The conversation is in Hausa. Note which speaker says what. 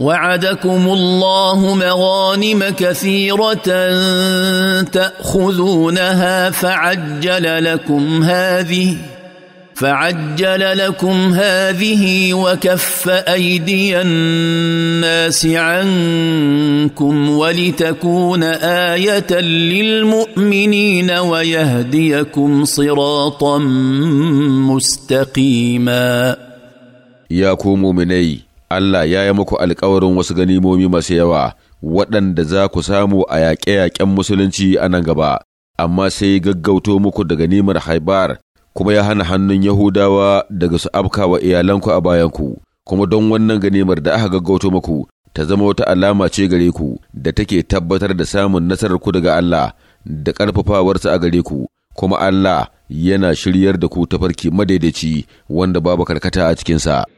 Speaker 1: وعدكم الله مغانم كثيرة تأخذونها فعجل لكم هذه فعجل لكم هذه وكف أيدي الناس عنكم ولتكون آية للمؤمنين ويهديكم صراطا مستقيما
Speaker 2: يا كومو مني Allah ya yi muku alkawarin wasu ganimomi masu yawa waɗanda za ku samu a yaƙe-yaƙen musulunci a nan gaba, amma sai gaggauto muku da ganimar haibar kuma ya hana hannun Yahudawa daga su afka iyalanku a bayanku, kuma don wannan ganimar da aka gaggauto muku ta zama wata alama ce gare ku da take tabbatar da samun nasarar ku daga Allah da ƙarfafawarsa a gare ku, kuma Allah yana shiryar da ku ta farki madaidaici wanda babu karkata a cikinsa.